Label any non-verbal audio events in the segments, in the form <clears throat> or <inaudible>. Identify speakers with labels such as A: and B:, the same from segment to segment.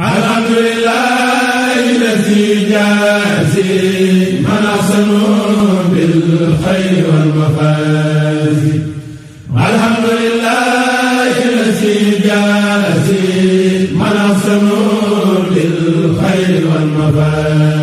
A: الحمد لله الذي جازي من أحسن بالخير والمفاز الحمد لله الذي جازي من أحسن بالخير والمفاز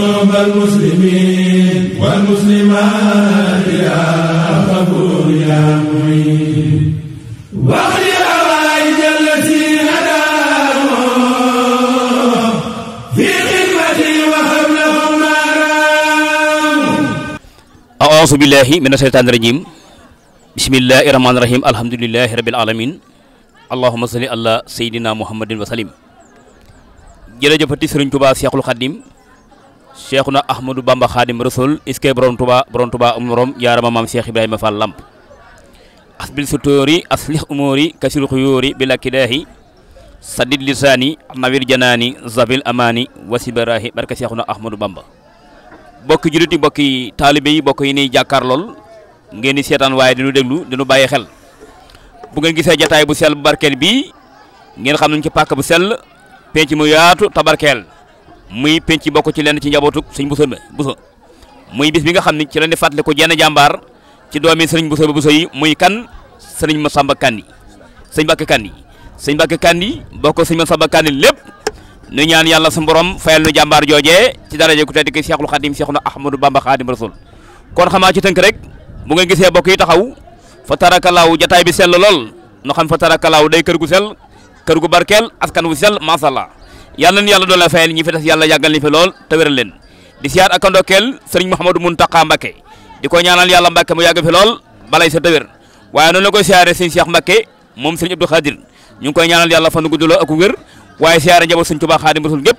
A: ذنوب المسلمين والمسلمات يا غفور يا معين واغفر أوائج التي هداهم في خدمتي وحبلهم ما
B: راموا أعوذ بالله من الشيطان الرجيم بسم الله الرحمن الرحيم الحمد لله رب العالمين اللهم صل على سيدنا محمد وسلم jërëjëfati Sëriñ Tuubaa Seexul Xadiim cheikhuna ahmadou bamba xaadim rasul iske borom tuba borom tuba um morom yaarama maam cheikh ibrahima fall lamp asbil sutóori aslih umóori kasir xuyóori bi lakkidaahi sadid lisaani nawir janaani zabil amaani wasibarahi barka cheikhuna ahmadou bamba bokki julit yi bokki taalibe yi bokk yi niy jàkkaar lool ngeen di seetaan waaye diñu déglu diñu bàyyi xel bu ngeen gisee jataay bu sell bu barkeel bii ngeen xam nañ ci pàkk bu sell penc mu yaatu muy penc bokk ci lenn ci njabootu sëñ Bousso Bousso muy bis bi nga xam ne ci lañ di fàttali ko jenn jàmbaar ci doomi sëriñ Bousso Bousso yi muy kan ma samba Kandi sëñ Mbàkke Kandi sëñ Mbàkke Kandi bokk sëñ Massamba Kandi lépp nu ñaan yàlla su borom fayal nu jàmbaar joojee ci daraje ku tedd ki Seexul Xadim Seexuna Ahmadou Bamba Xadim Rasul kon xamaa ci tënk rek bu nga gisee bokk yi taxaw fa tara tarakalaaw jataay bi sell lool nu xam fa tarakalaaw day kër gu sell kër gu barkeel askan wu sell maasàllaa yalla na yàlla doole fayal ñi fi des yàlla yàggal fi lool te wéral leen di siyaar ak ndokkeel sëriñ Mouhamadou Mountakha Mbacké di ko ñaanal yàlla Mbacké mu yàgg fi lool balay sa tawér waaye noonu la koy siyaare sëriñ Cheikh Mbacké moom sëriñ Abdou Khadir ñu ngi koy ñaanal yàlla fan gudd la ak wér waaye siyaare njaboot sëriñ Touba Khadim Rasul gépp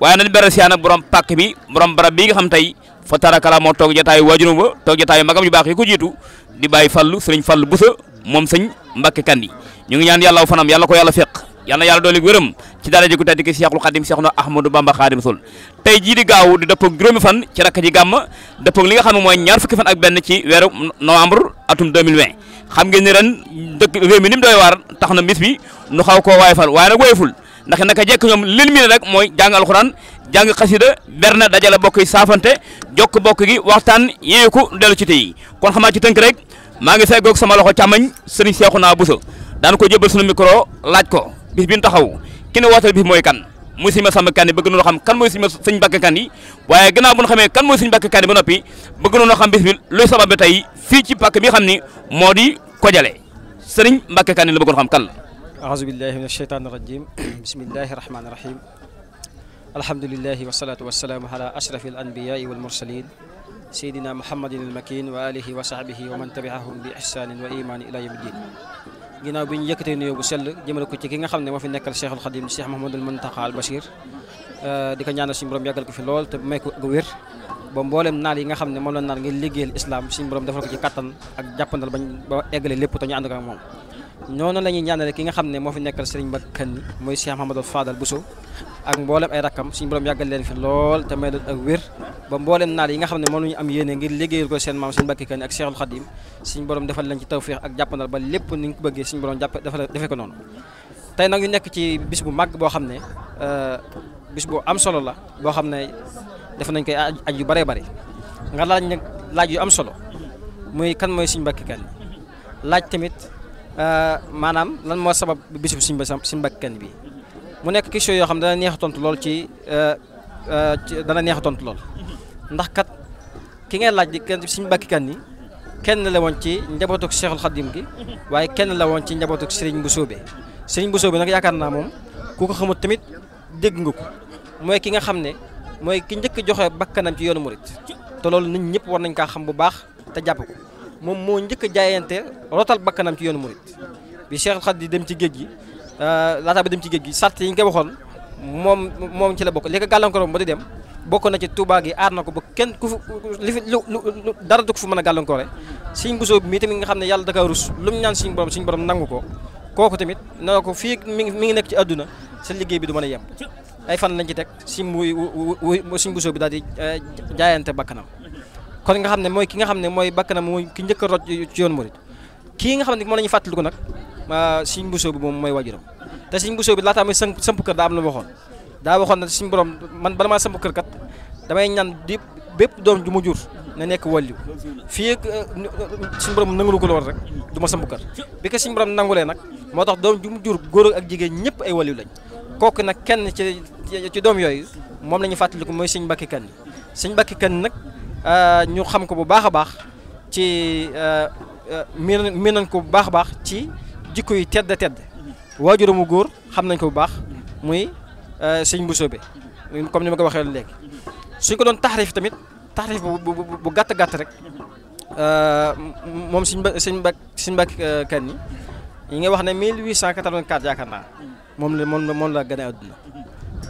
B: waaye nañ bere siyaar nag borom pàkk bi borom barab bi nga xam tey fa moo toog jataayu waajuram ba toog jataayu yu baax ko jiitu di bàyyi fallu moom sëñ Mbacké Kandi ñu ngi ñaan yàlla fanam yàlla ko yalla fekk yal na yàlla dolli wërëm ci daara jëkku tedd ki Seexul Xadim Seexuna Ahmadou Bamba Xadim Rasul tey jii di gaaw di dëppog juróomi fan ci rakk ji gàmm dëppog li nga xam ne mooy ñaar fukki fan ak benn ci weeru novembre atum 2020 xam ngeen ni ren dëkk réew mi ni mu doy waar tax na bis bi nu xaw koo waay fal waaye nag woyeful ndax naka jekk ñoom leen mi rek mooy jàng alxuraan jàng xasida berna dajale bokk yi saafante jokk bokk gi waxtaan yeeku dellu ci tey kon xamaa ci tënk rek maa ngi feggoog sama loxo càmmañ sëriñ Seexuna Buso daan ko jëbal sunu micro laaj ko bis bi ñu taxaw ki ne wootal mooy kan muy sëñ Masamba Kanni bëgg noonu xam kan mooy sëñ sëñ Mbàkke Kanni waaye gannaaw bu ñu xamee kan mooy sëñ Mbàkke Kanni ba noppi bëgg noonu xam bis bi luy sabab bi tey fii ci pàkk bi xam ni moo di Kodialé sëriñ Mbàkke Kanni la bëggoon xam kan la
C: a'uuzu billahi minash shaytaani rajiim bismillahi rahmaani rahiim alhamdulillahi wasalaatu wasalaamu ala ashrafil anbiyaai wal mursalin sayyidina muhammadin al makin wa alihi wa sahbihi wa man tabi'ahum bi ihsanin wa imanin ila yawmiddin ginaaw bi ñu yëkkatee nuyoo bu sell jëmale ko ci ki nga xam ne moo fi nekkal Cheikhul Khadim Cheikh Mouhamadoul Mountakha Al Bachir euh, di ko ñaanal suñu ko fi lool te may ko wér ba mboolem naal yi nga xam ne moom la naal ngir liggéeyal islam suñu borom defal ko ci kattan ak jàppandal ba eggale lépp te ñu ànd ak moom noonu la ñuy ñaanale ki nga xam ne moo fi nekkal Serigne ba Kani mooy Cheikh Mouhamadoul bu Bousso ak mboolem ay rakkam suñu borom yàggal leen fi lool te may leen ak wér ba mboolem naar yi nga xam ne moom la ñu am yéene ngir liggéeyal ko seen maam suñu Mbàkke Kañ ak borom defal leen ci tawféex ak jàppandal ba lépp ko bëggee suñu borom jàpp defee ko noonu tey nag ñu nekk ci bis bu màgg boo xam ne euh, bis bu am solo la boo xam ne def nañ koy aj yu bëree bëri nga laaj nag laaj yu am solo muy kan mooy suñu Mbàkke Kañ laaj tamit euh, maanaam lan moo sabab bisu suñu Mbàkke Kañ bi mu nekk question yoo xam ne dana neex a tontu lool ci euh, euh, dana neex tontu lool ndax kat ki ngay laaj di kenn suñu bàkkikan ni kenn la woon ci njabootu Cheikhul Khadim gi waaye kenn la woon ci njabootu Serigne Bousso bi Serigne Bousso bi nag yaakaar naa moom ku ko xamut tamit dégg nga ko mooy ki nga xam ne mooy ki njëkk joxe bakkanam ci yoonu murit te loolu nit ñëpp war nañ kaa xam bu baax te jàpp moom moo njëkk jaayante rotal bakkanam ci yoonu murit bi Cheikhul Khadim dem ci géej gi Euh, laataa ba dem ci géej gi sart yi nga waxoon moom moom ci la bokk li ko gàllankooram ba di dem bokk na ci Touba gi aar na ko ba kenn ku fu li fi lu dara du ko fu mën a gàllankoore suñ busoo bi mii tamit nga xam ne yàlla da kaa mu ñaan suñu borom suñu borom nangu ko kooku tamit na ko fii mi ngi mi ngi nekk ci àdduna sa liggéey bi du mën a yem ay fan lañ ci teg si muy suñ busoo bi daal di euh, jaayante bakkanam kon nga xam ne mooy ki nga xam ne mooy bakkanam mooy ki njëkk a roj ci yoon murit kii nga xam ne moom la ñuy fàttaliku nag sëñ Bousso bi moom mooy waajuram te sëñ Bousso bi laataa muy samp kër daa am lu waxoon daa waxoon na suñu borom man bala maa samp kër kat damay ñaan di bépp doom ju ma jur na nekk wàllu fii euh, euh, suñu borom nangulu ko lool rek du ma samp kër bi ko suñu borom nangulee nag moo tax doom ju mu jur góor ak jigéen ñëpp ay wàllu lañ kooku nag kenn ci ci doom yooyu moom la ñu fàttaliku mooy sëñ Mbàkke Kan sëñ Mbàkke Kan nag euh, ñu xam ko bu baax a baax ci miin nañ ko bu baax a baax ci. jikko yi tedd tedd mu góor xam nañ ko bu baax muy euh, sëñ bu bi comme ni ma ko waxee léegi suñ ko doon taxrif tamit tax taxrif bu bu gàtt gàtt rek euh, moom suñ ba suñ ba suñ ba euh, kan yi nga wax ne 1884 yaakaar naa moom la moom la moom la gën a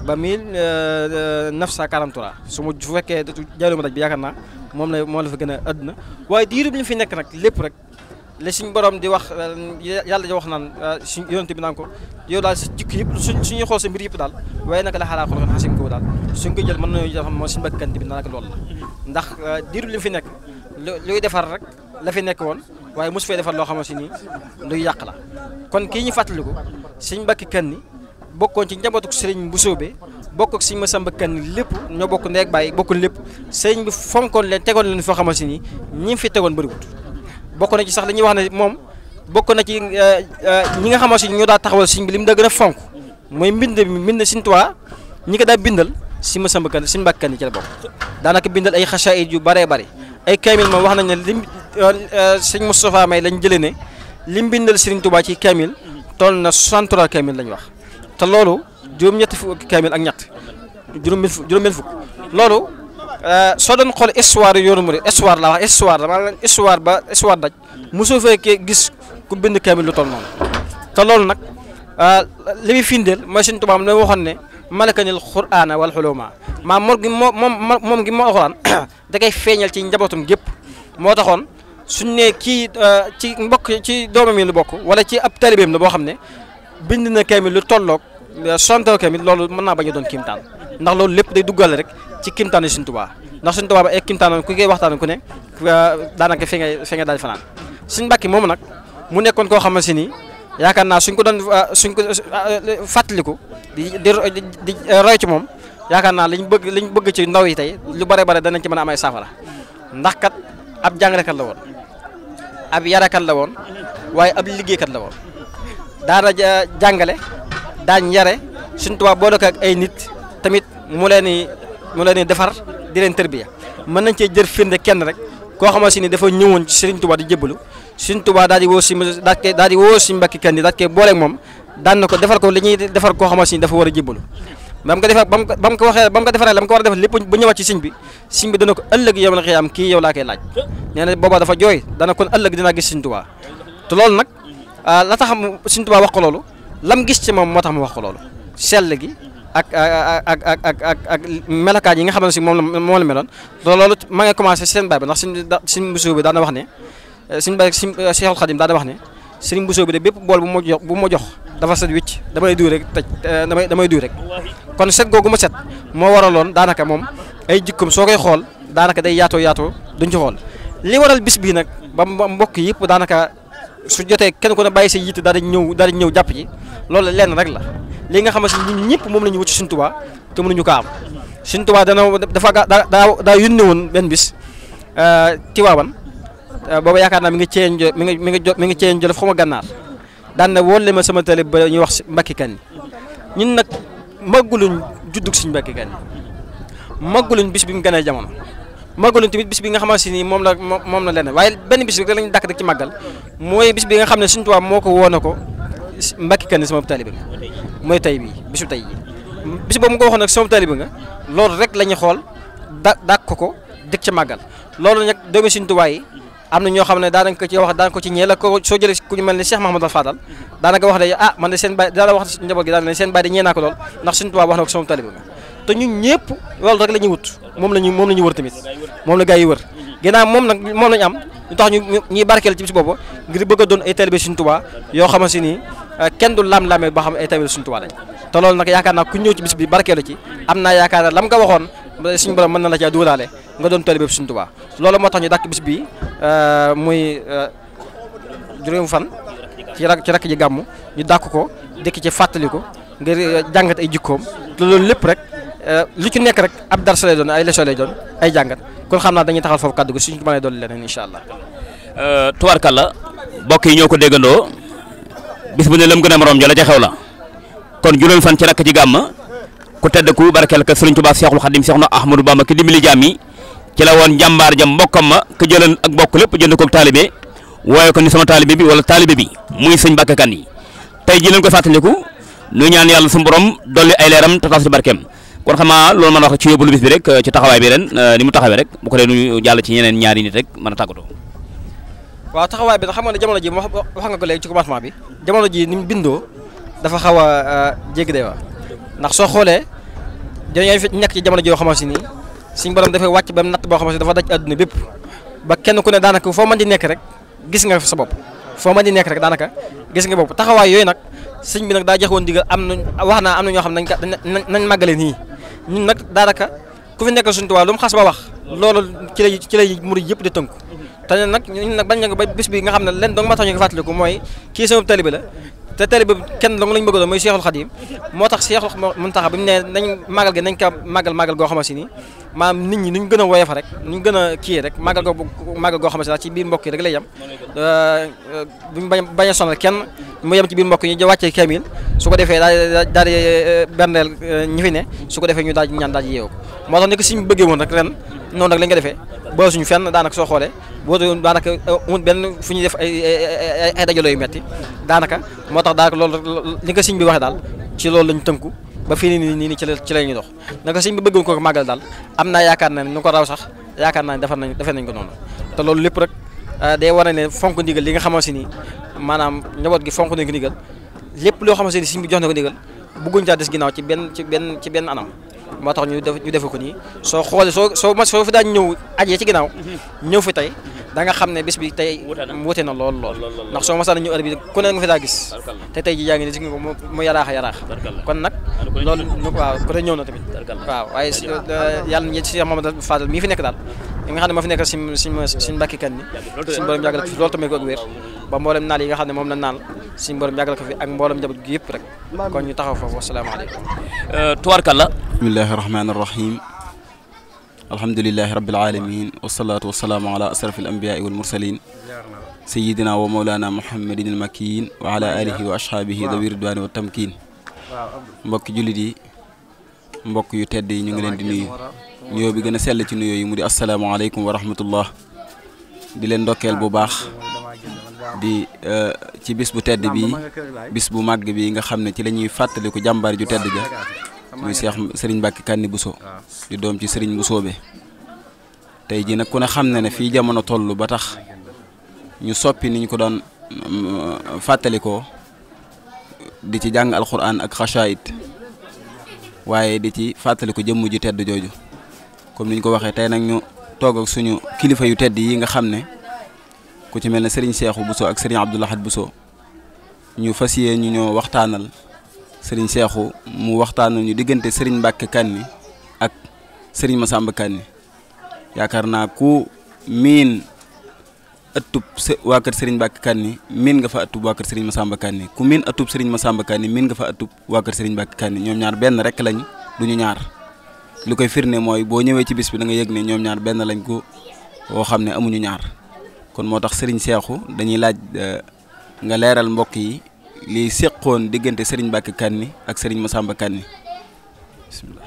C: ba 1943 su ma su fekkee jaalu ma daj bi yaakaar naa moom la moom la fa gën a àdduna waaye diiru bi ñu fi nekk nag lépp rek. li suñ borom di wax euh, yàlla di wax naan euh, suñ yonent bi naan ko yow daal jikko yëpp su suñuy xool sa mbir yëpp daal waaye naka la xalaa xool xaa sin daal suñ ko jël mën nañu xam moo suñu bakkan bi naka loolu la ndax euh, diiru li fi nekk luy defar rek la fi nekk woon waaye mosu fee defar loo xamante ni luy yàq la kon kii ñu fàttaliku suñ bakki kan ni bokkoon ci njabootuk sëriñ bu sóobee bokk ak suñu masamba kan ni lépp ñoo bokk ndeeg bàyyi bokkul lépp sëriñ bi fonkoon leen tegoon leen foo xamante ni ñi fi tegoon bëriwut bokk na ci sax dañuy wax ne moom bokk na ci euh, euh, ñi nga xamoo si ñoo daa taxawal sëñ bi li mu a fonk mooy mbind bi mbind sëñ ñi ko daa bindal si ma samba kan sëñ Mbàkke Kan ci la bokk daanaka bindal ay xasaayid yu bëree bëri ay kaamil moom wax nañ ne lim euh, sëñ Moustapha May lañ jëlee ne lim bindal sëriñ Tuubaa ci kaamil toll na 63 kaamil lañ wax te loolu juróom ñett fukki kaamil ak ñett juróom-benn juróom-benn fukk loolu Euh, soo doon xool histoire yoonu murid histoire la wax histoire dama leen histoire ba histoire daj mosoo ke gis ku bind kaamil lu toll noonu te loolu nag euh, li muy firndeel mooy Sëñ Tuubaa ne ma ne malakanil qur'aana wal xuluma maam moom gi moo moom moom gi moo alxuraan <clears throat> da feeñal ci njabootum gépp moo taxoon suñ ne kii euh, ci mbokk ci doomam yi lu bokk wala ci ab taalibeem la boo xam ne bind na kaamil lu tolloog soixante kaamil loolu mën naa bañ doon kiim kiimtaan ndax loolu lépp day duggale rek ci kimtaanu Sëriñ Tuubaa ndax Sëriñ Tuubaa ba ay kimtaanam ku koy waxtaan ku ne ah, daanaka fi ngay fi ngay daal fanaan Sëriñ Mbàkke nag mu nekkoon koo xamante si yaakaar naa suñ ko doon ah, suñ ko ah, fàttaliku di di roy ci moom yaakaar naa liñ bëgg liñ bëgg ci ndaw yi tey lu bare bare danañ ci mën a ay saafara ndax kat ab jàngalekat la woon ab la woon waaye ab liggéeykat la woon daana jàngale daañ yare Sëriñ Tuubaa boole ko ak ay nit tamit mu leen i mu leen i defar di leen tërbiya mën nañ cee jër firnde kenn rek koo xamante ni dafa ñëwoon ci Serigne Touba di jébbalu Serigne Touba daal di woo si daal di daal woo si Mbàkke Kanni daal di booleeg moom daan na ko defar ko li ñuy defar koo xamante ni dafa war a jébbalu ba mu ko defee ba ko waxee ba mu ko defaree la mu ko war a defar lépp bu ñëwaat ci siñ bi siñ bi dana ko ëllëg yow la xiyaam kii yow laa koy laaj nee na booba dafa jooy dana kon ëllëg dinaa gis Serigne Touba nag ah, la tax Serigne wax ko loolu lam gis ci moom moo tax mu wax ko loolu sell gi ak ak ak ak yi nga xam ne si moom la moom la meloon loolu ma ngi commencé seen baay bi ndax suñ suñ Bousso bi daana wax ne eh, suñ baay suñ Seexul Xadim bi de bépp bool bu ma jox bu ma jox dafa set wicc damay duy rek tëj eh, damay damay duy rek kon set googu ma set moo waraloon daanaka moom ay jikkoom soo koy xool daanaka day yaatoo yaatoo duñ ci xool li waral bis bii nag ba mbokk yëpp daanaka. su jotee kenn ku ne bàyyi sa yitte daal ñëw daal di ñëw jàpp ji loolu lenn rek la li nga xam ni ñun ñëpp moom la ñu wut ci Sëñ Tuubaa te ñu ko am Sëñ Tuubaa dana dafa daa daa yónne woon benn bis euh, Tiwaawan euh, booba yaakaar naa mi ngi ceeñ jo mi ngi mi ngi mi ngi ceeñ jolof xuma gànnaar daan na wóole ma sama tali ba ñuy wax Mbàkke Kanni ñun nag màgguluñ juddug suñu Mbàkke Kanni màgguluñ bis bi mu gënee jamono. màggaluñ tamit bis bi nga xamante ni moom la moom la leneen waaye benn bis rek da lañu dàkk rek ci màggal mooy bis bi nga xam tey bi bisu tey yi bis boobu mu ko waxoon nag sama taalibe nga loolu rek la ñuy xool da ko dëkk ca màggal loolu nag doomi Sëriñ Tuubaa yi am na ñoo xam ne daanañ ci wax daan ci ñee la ko soo jëlee ku ñu mel ne Cheikh Mahamadou Fadal daanaka wax de ah man de seen baay daala wax njaboot gi daal seen baay de ñee ko lool ndax Sëriñ Tuubaa wax na ko sama te ñu ñëpp loolu rek la wut moom la ñu moom la ñu wër tamit moom la gars yi wër ginnaaw moom nag moom la ñu am ñu tax ñu ñuy barkeel ci bis boobu ngir bëgg a doon ay taalibe Sëriñ Tuubaa yoo xamante ni euh, kenn du laam lame ba xam ay taalibe Sëriñ Tuubaa lañ te loolu nag yaakaar naa ku ñëw ci bis bi barkeelu ci am naa yaakaar ne lam nga waxoon suñu borom mën na la caa duuraale nga doon taalibe Sëriñ Tuubaa loolu moo tax ñu dàkk bis bi euh, muy euh, juróom fan ci rak ci rakk ji gàmm ñu dàkk ko dëkk ci fàttali ko ngir jàngat ay jikkoom loolu lépp rek Euh, lu ci nekk rek ab darsa lay doon ay leçon lay doon ay jàngat kon xam naa dañuy taxal foofu kàddu gi suñu ko mënee dolli leneen incha allah.
B: Euh, tubarkalla mbokk yi ñoo ko déggandoo bis bu ne lëm gën a morom ja la ca xew la kon juróomi fan ci rakk ci gàmm ku tedd ku barkeel ka Sëriñ Tuubaa Seexul Xadim Seexna Ahmadou Bamba ki dimbali jaam yi ci la woon jàmbaar jam mbokkam ma ka jëlan ak bokk lépp jënd koog taalibe wooye ko ni sama taalibe bi wala taalibe bi muy sëñ Mbàkke Kan yi ji lañ ko fàttaliku nu ñaan yàlla suñu borom dolli ay leeram te taas kon xam loolu mën a wax ci yóbbalu bis bi rek ci taxawaay bi ren euh, ni mu taxawee rek bu ko dee ñu jàll ci ñeneen ñaari nit rek mën a tàggatoo
C: waaw taxawaay bi xam ji wax nga ko léegi ci commencement ji ni mu bindoo dafa xaw a euh, jéggi day wa ndax soo xoolee dañoo fi nekk ci jamono joo xamante ni suñu borom dafay wàcc ba mu natt boo xamante ni dafa daj àdduna bépp ba kenn ku ne daanaka foo mën di nekk rek gis nga sa bopp foo mën di nekk rek daanaka gis nga bopp taxawaay yooyu nag sëñ bi nag daa jox woon digal am na wax naa am na ñoo xam nañ nañ màggale nii ñun nag daanaka ku fi nekkal suñu tubaab lu mu xas ba wax loolu ci lay ci lay murid yëpp di tënku te ñun nag ñun nag bañ na ko ba bis bi nga xam ne leen dong ma tax ñu ko fàttaliku mooy kii sama taalibe la te taalibe kenn dong lañ bëgg doon mooy Seexul Xadiim moo tax Seexul Muntaxa bi mu ne nañ màggal gi nañ ko màggal màggal goo xamante ni maam nit ñi nu ñu gën a woyof rek nu ñu gën a kii rek màggal ko màggal goo xam ne sax ci biir mbokk yi rek lay yem buñ euh, euh, bañ bañ a sonal kenn mu yem ci biir mbokk yi ñu wàccee kamil su ko defee daal benn di euh, berndeel ñi fi ne su ko defee ñu daal ñaan daal di yeewu moo tax ni ko suñ bëggee woon rek ren noonu rek lañ ko defee ba suñu fenn daanaka soo xoolee boo daanaka amul benn fu ñuy def ay ay dajaloo yu metti daanaka moo tax daanaka loolu li ko siñ bi waxee daal ci loolu lañ tënku ba fii nii nii nii ci ci la ñuy dox naka sëñ bi bëggoon ko màggal daal am naa yaakaar na ñu ko raw sax yaakaar naa defar nañ defar nañ ko noonu te loolu lépp rek ah, day wane ne fonk ndigal li nga xamante si ni maanaam njaboot gi fonk nañ ko ndigal lépp loo xamante ni sëñ bi jox ne ko ndigal bëgguñ caa des ginnaaw ci benn ci benn ci benn anam moo tax ñu def ñu defe ko nii soo xoolee soo soo soo fi daan ñëw ajee ci ginnaaw mhm. ñëw fi tey da nga xam ne bés bi tey wute na lool lool ndax soo masaan ñu heure bi ku ne nga fi daa gis te tey ji yaa ngi ne gis nga ko mu yaraax a yaraax kon nag loolu waaw côté ñëw na tamit waaw waaye yàlla ñi si Mamadou Fadal mii fi nekk daal yi nga xam ne moo fi nekk suñ suñ suñ mbàkki kan ni suñ borom yàggal ko fi loolu tamit ko ak wér ba mboolem naal yi nga xam ne moom la naal suñ borom yàggal ko fi ak mboolem njaboot gi yëpp rek kon ñu taxaw foofu wasalaamaaleykum
D: euh, tubaarkalla bismillahi rahmaani rahim alhamdulilahi rabbil alamin wasalaatu wasalaamu ala asraf al anbiyaai wal mursalin sayidina wa mawlana muhammadin al wa ala wa ashaabihi dawi ridwaani wa mbokki jullit yi mbokk yu tedd yi ñu ngi leen di nuyu nuyoo bi gën a sell ci nuyoo yi mu di asalaamaaleykum wa rahmatullah di leen ndokkeel bu baax di e, ci bis bu tedd bi bis bu màgg bi nga xam ne ci lañuy fàttaliku jàmbaar ju tedd ja muy seex sëriñ Mbàkke kànni Bousso di doom ci sëriñ Bousso bi tey jii nag ku ne xam na ne fii jamono toll ba tax ñu soppi ni ñu ko daan mm, fàttalikoo di ci jàng alxuraan ak xasaayit waaye di ci fàttaliku jëmm ju tedd jooju comme ni ñu ko waxee tey nag ñu toog ak suñu kilifa yu tedd yi nga xam ne ku ci mel ne sëriñ Seexu Bousso ak sëriñ Abdoul buso ñu fas yéene ñu ñoo waxtaanal. sëriñ Seexu mu waxtaan ñu diggante sëriñ Mbàkke Kanni ak sëriñ Masamba Kanni yaakaar naa ku miin ëttub waa kër sëriñ Mbàkke Kanni miin nga fa ëttub waa kër sëriñ Masamba Kanni ku miin ëttub sëriñ Masamba Kanni nga fa ëttub waa kër sëriñ Mbàkke Kanni ñoom ñaar benn rek lañ du ñu ñaar lu koy firnde mooy boo ñëwee ci bis bi danga nga yëg ne ñoom ñaar benn lañ ko woo xam ne amuñu ñaar kon moo tax sëriñ Seexu dañuy laaj euh, nga leeral mbokk yi li séqoon diggante sëriñ Mbàkke Kanni ak sëriñ Masamba Kanni bisimilah.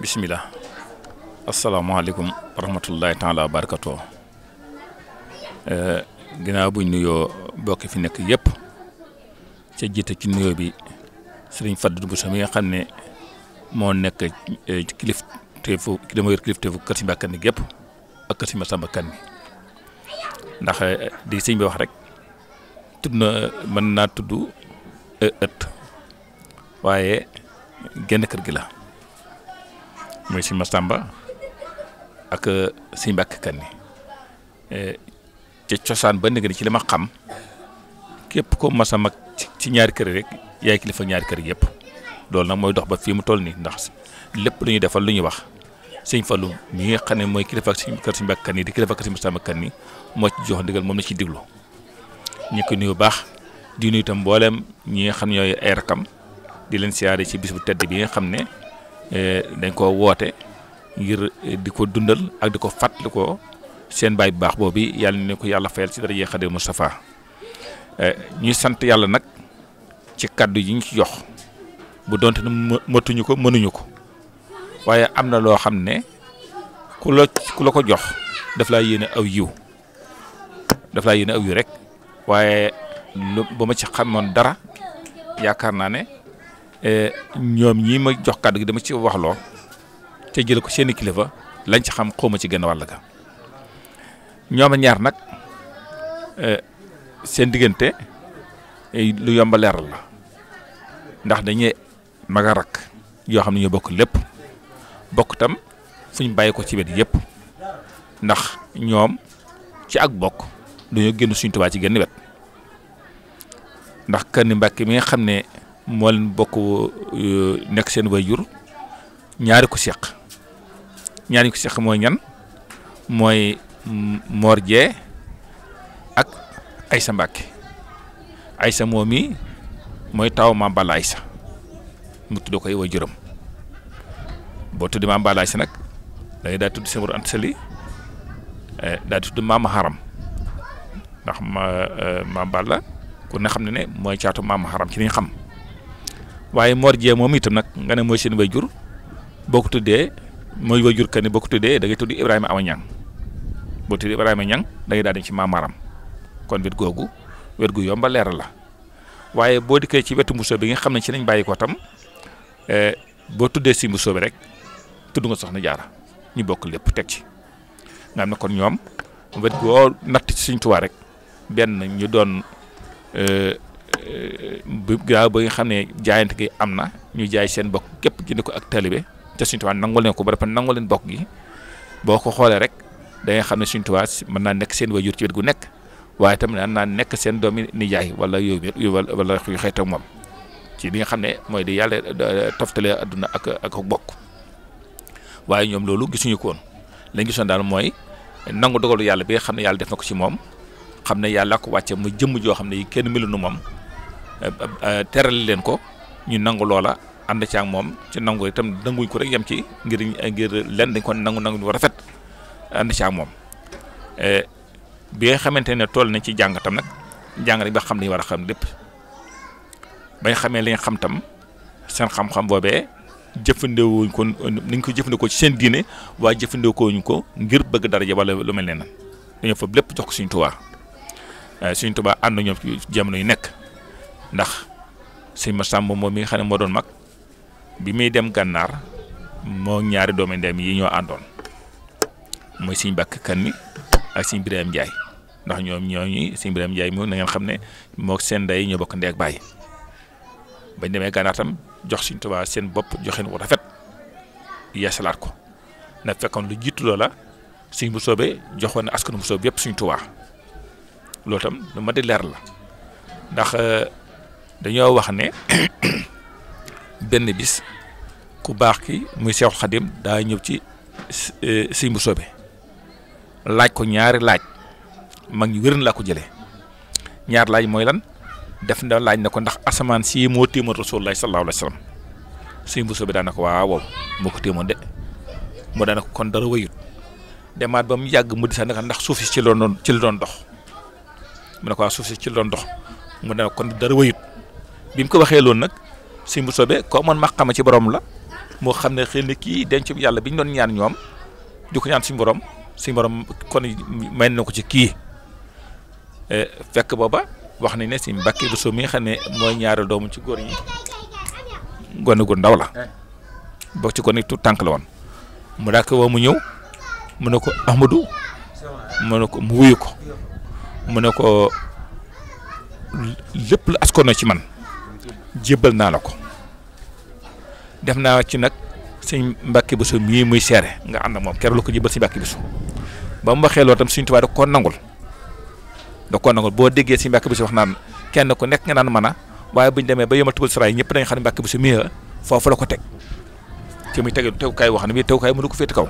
D: bisimilah. asalaamaaleykum wa
E: rahmatullahi taala wa barakatoo eh, ginnaaw buñ nuyoo bokki fi nekk yépp ca jiite ci nuyoo bi sëriñ Faddu Bousso mi nga xam ne moo nekk eh, kilif teefu ki dama yor kilif teefu kër si Mbàkke ak kër si Masamba Kanni ndax eh, di sëñ bi wax rek tudd na mën naa tudd e, ëtt waaye genn kër gi la muy sëñ Masamba ak e, sëñ Mbàkke Kanni e, ca cosaan ba nga ni ci li ma xam képp ko ma a mag ci ñaari kër rek yaay kilifa ñaari kër yëpp lool nag mooy dox ba fii mu toll nii ndax lépp lu ñuy defal lu ñuy wax sëñ Fallu mi nga xam ne mooy kilifa ak sëñ kër sëñ Mbàkke Kanni di kilifa ak sëñ Masamba Kanni moo ci jox ndigal moom na ci diglu ñu ko nuyu baax di itam mbooleem ñi nga xam ñooy ay di leen siyaare ci bis tedd bi nga xam ne eh, dañ koo woote ngir eh, di ko dundal ak di ko fàttali ko seen baay bu baax boobu yàlla ne ko yàlla fayal ci daraje Xadim Moustapha eh, ñuy sant yàlla nag ci kàddu yi ñu ci jox bu donte ne matuñu ko mënuñu ko waaye am na loo xam ne ku la ku la ko jox daf laa yéene aw yiw daf laa yéene aw yu rek waaye lu ba ma ci xamoon dara yaakaar naa ne eh, ñoom ñii ma jox kàddu gi dama ci waxloo te jële ko seeni kilifa lañ ci xam xawma ci genn wàll ga ñoom ñaar nag eh, seen diggante eh, lu yomba leeral la ndax dañuy magarak yoo xam ne ñoo bokk lépp bokk tam fuñ bàyyi ko ci wet yëpp ndax ñoom ci ak bokk dañoo génn suñ tubaa ci genn wet ndax kan ni mbàkke mi nga xam ne moo leen bokk nekk seen waajur ñaari ko seq ñaari ko seq mooy ñan mooy Mor Jee ak Aysa Mbàkke Aysa moom mi mooy taw Maam Balla Aysa mu tudd koy waajuram boo tudd Maam Balla Aysa nag da daal tudd Sëñ Mor Anta eh, daal tudd Maam Haram ndax ma euh, maam Balla ku ne xam ne ne mooy caatu maam xaram ci li ñu xam waaye Mor Dieng moom itam nag nga ne mooy seen wayjur boo ko tuddee mooy wayjur que ne boo tuddee da ngay tudd Ibrahima Ama Niang boo tuddee Ibrahima Niang da ngay daal dem ci maam kon wet googu wet yomba leer la waaye boo dikkee ci wetu mbuso bi nga xam ne ci lañ bàyyi ko tam euh, boo tuddee si mbuso bi rek tudd nga soxna jaara ñu bokk lépp teg ci nga xam ne kon ñoom wet goo natt ci suñ tuwaa rek. benn ñu doon euh, euh, gaaw ba nga xam ne jaayante gi am na ñu jaay seen bokk képp jënd ko ak talibe te Sëriñ Tuubaa nangul leen ko ba dafa nangul leen bokk gi boo ko xoolee rek da xam ne Sëriñ Tuubaa mën naa nekk seen wajur ci gu nekk waaye tamit mën naa nekk seen doomi nijaay wala yooyu wala yu xeet ak moom ci bi nga xam ne mooy di yàlla toftale adduna ak ak bokk waaye ñoom loolu gisuñu ko woon lañ gisoon daal mooy nangu dogalu yàlla bi nga xam ne yàlla def na ko ci moom xam ne yàlla ko wàcce mu jëmm joo xam ne yi kenn melu moom euh, euh, euh, teral leen ko ñu nangu loola ànd ci ak moom ci nangu itam nanguñ ko rek yam ci ngir ngir leen dañ ko nangu nangu ñu rafet ànd ci ak moom bi nga xamante ne toll nañ ci jàng tam nag jàng rek ba xam li war a xam lépp bañ xamee li xam tam seen xam-xam boobee jëfandewuñ ko niñ ko jëfandikoo ci seen diine waaye jëfandikoo ko ngir bëgg daraja walla lu mel ne na dañoo fab lépp jox ko suñu Tuubaa Euh, suñ tubaa ànd ñoom ci jamono yi nekk ndax ma Masamba moom mi nga xam ne moo doon mag bi muy dem gànnaar moo ñaari doomi ndeyam yi ñoo àndoon mooy sëñ Bakk Kanni ak sëñ Birahim ndax ñoom ñooñu sëñ Birahim Ndiaye moom na xam ne moo seen ndey ñoo bokk ndey ak baay bañ demee gànnaar tam jox sëñ Tuubaa seen bopp joxeen wu rafet yeesalaat ko na fekkoon lu jiitu loola suñ bu soobee joxoon na askanu mu soobee yëpp sëñ Tuubaa loolu tam lu di leer la ndax euh, dañoo wax ne <coughs> benn bis ku baax ki muy Seexul Xadim daa ñëw ci euh, Sëñ bu soobee laaj ko ñaari laaj mag ñi wérin laa ko jëlee ñaar laaj mooy lan def na laaj na ko ndax asamaan si moo téemoon Rasulullah sallallahu alayhi wasallam Sëñ bu soobee daan na ko waaw moo ko téemoon de moo daan na ko kon dara wëyut demaat ba mu yàgg mu di sax ndax suuf si ci la doon ci la doon dox. mu ne ko waa suuf si ci doon ndox mu ne kon dara wëyut bi mu ko waxee loolu nag suñ bu soobee koo man maqama ci borom la moo xam ne xëy na kii denc yàlla bi doon ñaan ñoom di ko ñaan suñu borom suñu borom kon may ko ci kii e, fekk booba wax nañ ne si mbàkki bu soo mi nga xam ne mooy ñaari doomu ci góor ñi gone gu ndaw la eh. bokk ci gone tu tànk la woon mu daal ko woo mu ñëw mu ne ko Ahmadou mu ne ko mu wuyu ko. mu ne ko lépp la askono ci man jébbal naa la ko def naa ci nag sëñ Mbàkke su mii muy seere nga ànd ak moom keroog lu ko jébbal sëñ Mbàkke Buso ba mu waxee loo tam sëñ Tuubaa da koo nangul da koo nangul boo déggee sëñ bu Buso wax naan kenn ku nekk nga naan mën a waaye bu ñu demee ba yomal tubal saraay ñëpp dañu xam ne bu Buso mii foofu la ko teg ci muy tegu tegukaay wax ne bii tegukaay mënu ko féete kaw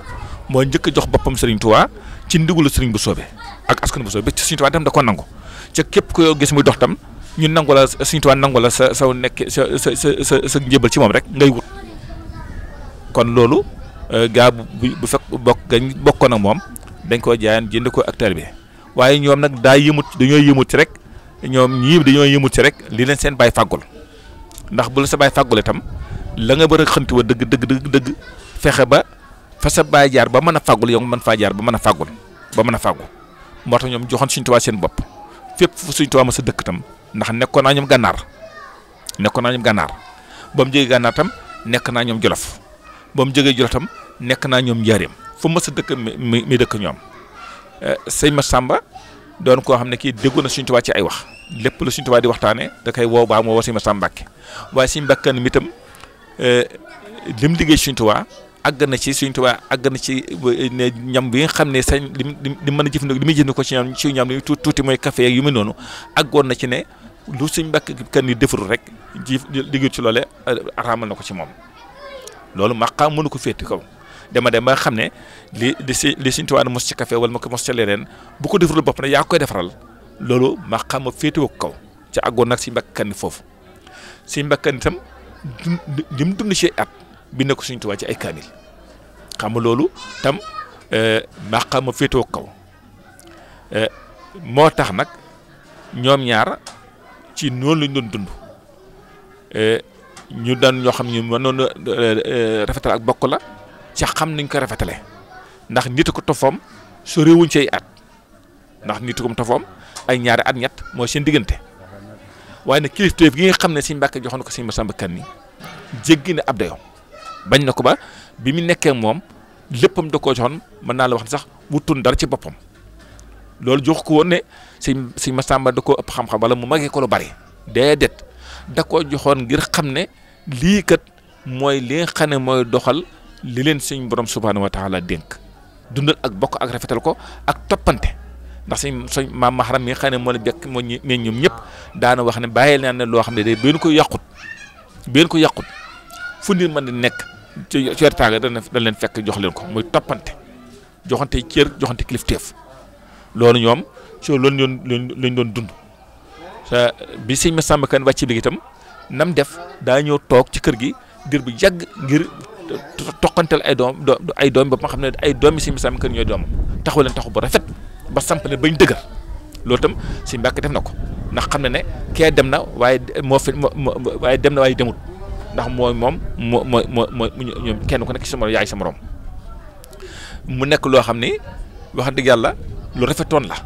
E: moo njëkk jox boppam sëriñ Tuubaa ci ndigalu sëriñ bu soobee ak askan bu soobee ba Sëriñ Tuubaa tam da ko nangu ca képp ko gis muy dox tam ñu nangu la Sëriñ Tuubaa nangu la sa saw nekk sa sa sa sa njëbal ci moom rek ngay wut kon loolu euh, gaa bu bu fekk bokk gañ bokkoon ak moom dañ koo jaayaan jënd ko ak bi waaye ñoom nag daa yëmut dañoo yëmut ci rek ñoom ñii dañoo yëmut ci rek li leen seen bàyyi fàggul ndax bu la sa bàyyi fàggule tam la nga bëri xënti wa dëgg dëgg dëgg dëgg fexe ba fa sa baay jaar ba mën a fàggul yow mën faa jaar ba mën a fàggul ba mën a fàggu moo tax ñoom joxoon Sëriñ Tuubaa seen bopp fépp fu Sëriñ Tuubaa ma sa dëkk tam ndax nekkoon naa ñoom gànnaar nekkoon naa ñoom mu jógee gànnaar nekk naa ñoom jolof ba mu jógee jolof tam nekk naa ñoom njaareem fu ma dëkk mi mi dëkk ñoom eh, sëñ ma Samba doon koo xam ne kii déggu na Sëriñ ci ay wax lépp lu Sëriñ Tuubaa di waxtaanee da koy woo baa moo woo sëñ ma Samba Mbàkke waaye sëñ Mbàkke mi tam eh, lim liggéey Sëriñ Tuubaa àgg na ci Sëriñ Tuubaa àgg na ci eh, ñam bi nga xam ne sañ li li mën a jëfandikoo li muy jënd ko ci ci ñam li tuuti tuuti mooy kafe yeeg yu mel noonu àggoon na ci ne lu Sëriñ Mbàkke kan ni defarul rek ji liggéey ci loole eh, araamal na ko ci moom loolu maqaam mënu ko féeti kaw dama dem ba xam ne li li si li Sëriñ Tuubaa mos ci kafe wala ma ko mos ci leneen bu ko defarul bopp nag yaa koy defaral loolu maqaam ma féeti ko kaw ci àggoon nag si Mbàkke kan foofu si Mbàkke kan itam dund mu dund ci at bi nekk Sëriñ Tuubaa ci ay kaamil xam nga loolu tam euh, ma féetoo kaw euh, moo tax nag ñoom ñaar ci noonu lañ doon dund euh, ñu daan ñoo xam ñu mënoon rafetal ak bokk la ca xam nañ ko rafetale ndax nit ko tofoom su réewuñ ci at ndax nit ko tofoom ay ñaari at ñett mooy seen diggante waaye nag kilifteef gi nga xam ne Sëñ Mbàkke joxoon ko Sëñ Masamba Kanni jéggi na ab dayo bañ na ko ba bi mu nekkee moom léppam da koo joxoon mën naa la wax sax wutun dara ci boppam loolu jox ko woon ne sëñ sëñ Massamba da koo ëpp xam-xam wala mu magee ko lu bari déedéet da koo joxoon ngir xam ne lii kat mooy li nga xam ne mooy doxal li leen suñ borom subhaanahu wa taala dénk dundal ak bokk ak rafetal ko ak toppante ndax suñ suñ maam maharam mii nga xam ne moo la bekk moo ñu ñoom ñëpp daana wax ne bàyyi naa ne loo xam ne day benn ko yàqut benn ko yàqut fu nit mën di nekk ci ci wertaange dana dana leen fekk jox leen ko muy toppante joxante cër joxante kilifteef loolu ñoom ci loolu lañ doon lañ doon dund bi sëñ Massamba Kane wàcc bi itam nam def daa ñëw toog ci kër gi dir bu yàgg ngir toqanteel ay doom ay doom ba nga xam ne ay doomi sëñ Massamba Kane ñooy doomam taxaw leen taxu bu rafet ba samp leen bañ dëgër loolu tam sëñ Mbàkke def na ko ndax xam ne ne kee dem na waaye moo fi waaye dem na waaye demut. ndax mooy moom moo moo moo ñoom kenn ku nekk ci sama yaay sa morom mu nekk loo xam ni wax dëgg yàlla lu rafetoon la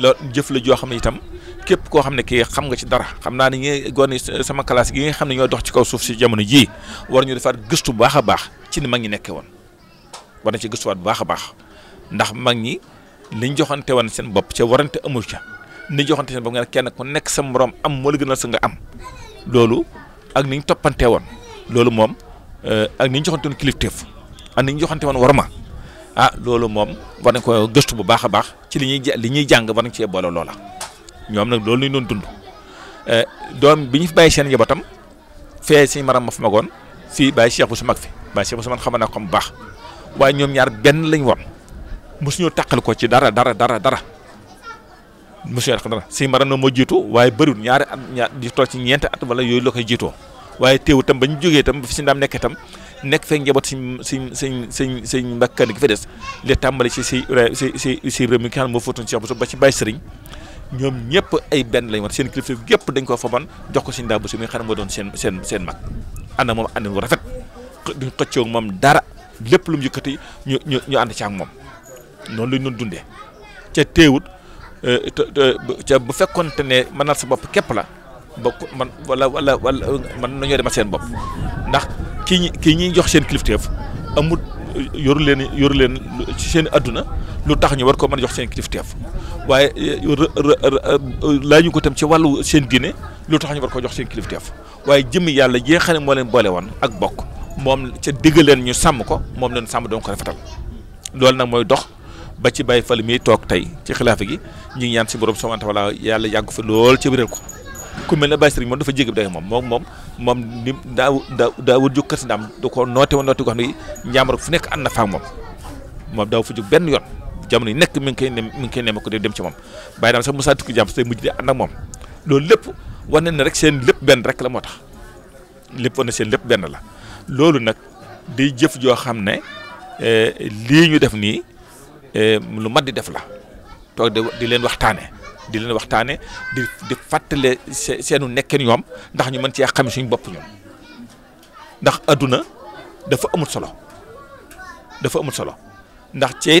E: la jëf la joo xam ne itam képp koo xam ne kii xam nga ci dara xam naa ne ñi gone sama classe gi nga xam ne ñoo dox ci kaw suuf si jamono jii war ñu defaat gëstu bu baax a baax ci ni mag ñi nekkee woon war nañ ci gëstuwaat bu baax a baax ndax mag ñi liñ joxante woon seen bopp ca warante amul ca ni joxante seen bopp nga kenn ku nekk sa morom am moo la gënal sa nga am loolu. ak ni ñu toppantee woon loolu moom euh, ak ni ñu joxante woon kilifteef ak ni ñu joxante woon warma ah loolu moom war ko gëstu bu baax a baax ci li ñuy li ñuy jàng war nañ cee boole loola ñoom nag loolu la ñu doon dund euh, doom bi ñu fi bàyyi seen njabootam fee si maram ma fa magoon fii bàyyi Cheikh bu su mag fi bàyyi Cheikh bu su man xam naa ko bu baax waaye ñoom ñaar benn lañ woon mosuñoo tàqal ko ci dara dara dara dara. monsieur Alcantara si Marano moo jiitu waaye bëriwul ñaari at ñaar di toog ci ñeenti at wala yooyu loo koy jiitoo waaye teewu tam ba ñu jógee tam ba fi si ndaam nekkee tam nekk fekk njaboot si si si si si mbàkkan gi fa des li tàmbali si si si si si réew mi nga xam ne moo fóotoon si ba ci bay Serigne ñoom ñëpp ay benn lañ woon seen kilifa gépp dañ koo faboon jox ko si ndaam bu si mi nga xam ne moo doon seen seen seen mag ànd moom ànd bu rafet duñ xëccoo moom dara lépp lu mu yëkkati ñu ñu ñu ànd ci ak moom noonu lañ doon dundee te bu fekkonte ne mën mënal sa bopp képp la bokk man wala wala wala mën nañoo demal seen bopp ndax kii ñi kii ñuy jox seen kilifteef amut yoru leen yoru leen ci seen adduna lu tax ñu war ko mën a jox seen kilifteef waaye laaj ñu ko tam ci wàllu seen diine lu tax ñu war ko jox seen kilifteef waaye jëmmi yàlla jee xam ne moo leen boole woon ak bokk moom ca digg leen ñu sàmm ko moom leen sàmm doon ko rafetal loolu nag mooy dox. ba ci Baye Fall mi toog tey ci xilaafa gi ñu ñaan si borom subhanahu wa taala yàlla yàgg fa lool ci biral ko ku mel ne Baye Serigne moom dafa jéggi day moom moom moom moom ni daa daa daa wut jóg kër si daam du ko noote woon fu nekk ànd na faak moom moom daaw fa jóg benn yoon jamono yi mi ngi koy nem mi ngi koy dem ci moom Baye daam sax Moussa Tukki jàmm tey mujj di ànd ak moom loolu lépp wane na rek seen lépp benn rek la moo tax lépp seen lépp benn la loolu nag day jëf joo xam ne eh, lii ñu def nii Eh, lu mat di def la toog di leen waxtaane di leen waxtaane di di fàttale seenu nekkin ñoom ndax ñu man cee xam suñu bopp ñoom ndax adduna dafa amul solo dafa amul solo ndax ci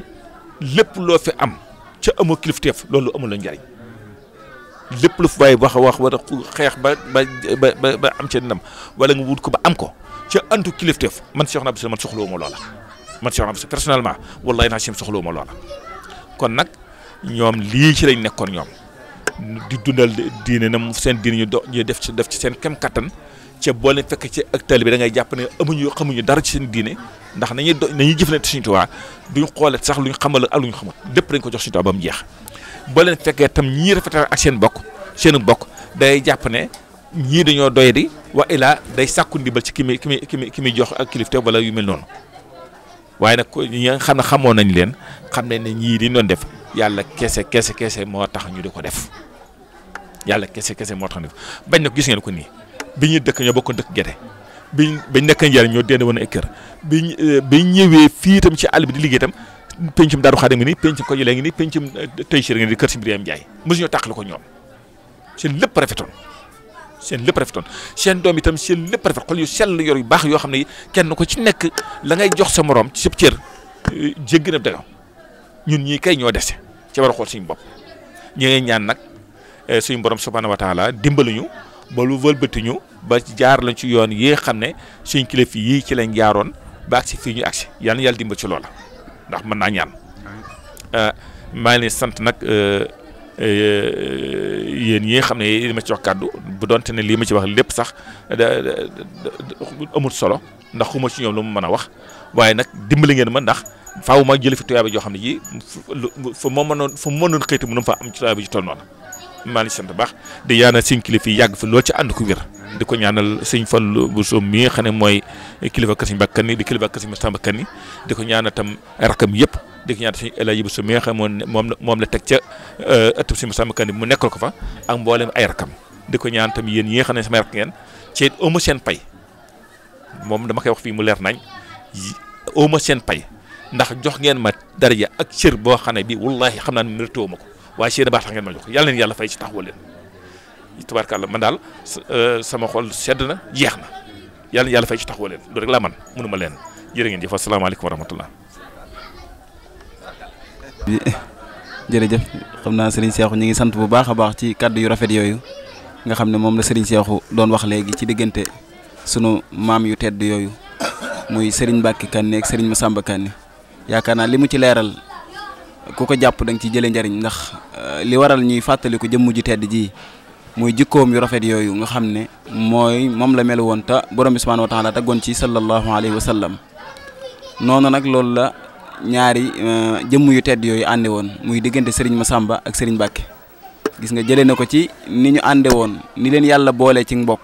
E: lépp loo fi am ca amoo kilifteef loolu amul la njariñ lépp lu fi waaye wax wax wala xeex ba ba ba am ca ndam wala nga wut ko ba am ko ca antu kilifteef man Cheikh Abdou Samad soxlawuma loola man Cheikh Abdou personnellement wallahi naa sim soxlawuma loola kon nag ñoom lii ci lañ nekkoon ñoom di dundal diine na seen diine ñu do ñu def ci def ci seen kem kattan ca boo leen fekk ci ak taalibe bi da ngay jàpp ne amuñu xamuñu dara ci seen diine ndax nañuy do nañuy jëflante Sëriñ Tuubaa duñ xoolee sax luñ xamal ak luñ xamal lépp dañ ko jox Sëriñ Tuubaa ba mu jeex boo leen fekkee tam ñii rafetal ak seen bokk seen bokk day jàpp ne ñii dañoo doy di wa ilaa day sàkku ndimbal ci ki muy ki muy ki muy jox ak kilifte wala yu mel noonu waaye nag ko ñi nga xam ne xamoon nañ leen xam ne ne ñii di doon def yàlla kese kese kese moo tax ñu di ko def yàlla kese kese moo tax ñu def bañ na ko gis ngeen ko nii bi ñu dëkk ñoo bokkoon dëkk gerte biñ bañ nekk njariñ ñoo dend woon ay kër biñ euh, biñ ñëwee fii itam ci àll bi di liggéey itam pencum daaru xaadim ngi nii pencum ko jëlee ngi nii pencum euh, tëy sir ngi nii kër si mbir yaam jaay mosuñoo tàqale ko ñoom seen lépp rafetoon seen lépp rafetoon seen doom itam seen lépp rafet xol yu sell yor yu baax yoo xam ne kenn ko ci nekk la ngay jox sa moroom ci sëb cër eh, jéggi na dayoo ñun ñii kay ñoo dese ci war a xool suñu bopp ñu ngi ñaan nag eh, suñ borom subhaana wa taala dimbaluñu ba lu wëlbatiñu ba jaar lañ ci yoon yi xam ne suñ kilifa yii ci lañ jaaroon ba agsi fii ñu agsi yal na yàlla dimbal ci loola ndax mën naa ñaan eh, maa ngi sant nag. yéen ñi nga xam ne ma ci wax kàddu bu donte ne lii ma ci wax lépp sax amut solo ndax xuma ci ñoom lu mu mën a wax waaye nag dimbali ngeen ma ndax faaw ma jël fi tuyaaba joo xam ne ji fa moo mënoon fa mënoon xëyti mënum fa am ci ji toll noonu maa ngi sant baax di yaana suñ kilifa yi yàgg fi lool ci ànd ko wér di ko ñaanal sëñ Fallu bu soom mi xam ne mooy kilifa Kasim Bakkan ni di kilifa Kasim Samba Bakkan ni di ko ñaanal tam rakam yëpp di ko ñaanal sëñ El Hadji bu soom mi ne moom moom la teg ca euh, ëttu Kasim Samba Bakkan ni mu nekkal ko fa ak mboolem ay rakam di ko ñaan tam yéen ñi xam ne sama rak ngeen ci amu seen pay moom dama koy wax fii mu leer nañ amu seen pay ndax jox ngeen ma daraja ak cër boo xam ne bi wallahi xam naa ne ma ko waaye seen baax tax ngeen ma jox yàlla leen yàlla fay ci taxawal leen tubaarkàlla man daal euh, sama xol sedd na jeex na yàlla yàlla fay ci taxawal leen loolu rek
D: laa man mënu leen jërë ngeen jëf asalaamaaleykum wa rahmatullah jërëjëf xam naa Serigne Cheikhou ñu ngi sant bu baax a baax ci kàddu yu rafet yooyu nga xam ne moom la Serigne seexu doon wax léegi ci diggante sunu maam yu tedd yooyu muy Serigne Mbacke Kane ak Serigne Massamba Kane yaakaar naa li mu ci leeral ko ko jàpp da nga ciy jëlee njariñ ndax euh, li waral ñuy fàttaliku jëmm ju tedd jii muy jikkoom yu rafet yooyu nga xam ne mooy moom la mel woon te borom bi subhaanahu wa taala taggoon ci sallallahu alayhi wa sallam noonu nag loolu la ñaari euh, jëmm yu tedd yooyu ànde woon muy diggante Serigne Massamba ak Serigne gis nga jëlee na ko ci ni ñu ànde woon ni leen yàlla boole ci mbokk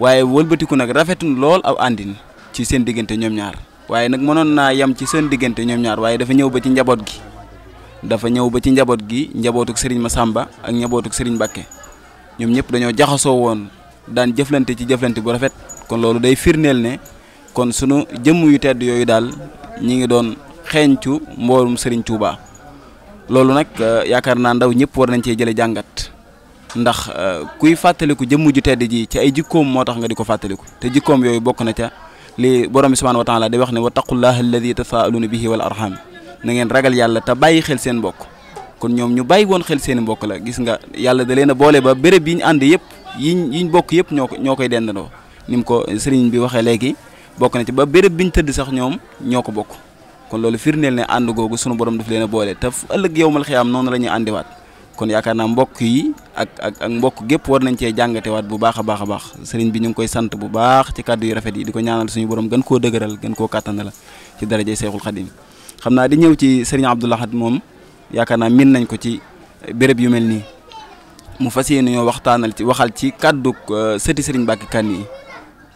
D: waaye wëlbatiku nag rafetuñ lool aw àndin ci seen diggante ñoom ñaar waaye nag mënoon naa yem ci seen diggante ñoom ñaar waaye dafa ñëw ba ci njaboot gi dafa ñëw ba ci njaboot gi njabootuk sëriñ ma Masamba ak njabootuk sëriñ Mbàkke ñoom ñëpp dañoo jaxasoo woon daan jëflante ci jëflante bu rafet kon loolu day firneel ne kon sunu jëmm yu tedd yooyu daal ñu ngi doon xeeñcu mboorum sëriñ Touba loolu nag euh, yaakaar naa ndaw ñëpp war nañ cee jële jàngat ndax euh, kuy fàttaliku jëmm ju tedd ji ci ay jikkoom moo tax nga di ko fàttaliku te jikkoom yooyu bokk na ca li borom bi subhaanahu wa taala di wax ne wa taqullaha alladi tasaaluuna bihi wal arham na ngeen ragal yàlla te bàyyi xel seen mbokk kon ñoom ñu bàyyi woon xel seeni mbokk la gis nga yàlla da leen a boole ba bërëb yi ñu ànd yëpp yi yiñ bokk yëpp ñoo ko ñoo koy dendandoo ni mu ko sëriñ bi waxee léegi bokk na ci ba bërëb bi ñu tëdd sax ñoom ñoo ko bokk kon loolu firndeel ne ànd googu sunu borom daf leen a boole te ëllëg yow mal xiyaam noonu la ñuy àndiwaat kon yaakaar naa mbokk yi ak ak ak mbokk gépp war nañ cee jàngatewaat bu baax a baax a baax sëriñ bi ñu ngi sant bu baax ci kàddu yu rafet yi di ko ñaanal suñu borom gën koo dëgëral gën koo kàttan la ci darajay Seexul Xadim xam naa di ñëw ci sëriñ Abdou Lahad moom yaakaar naa miin nañ ko ci béréb yu mel nii mu fas yéene ñoo waxtaanal ci waxal ci kàddug euh, sëti sëriñ Mbacke Kane yi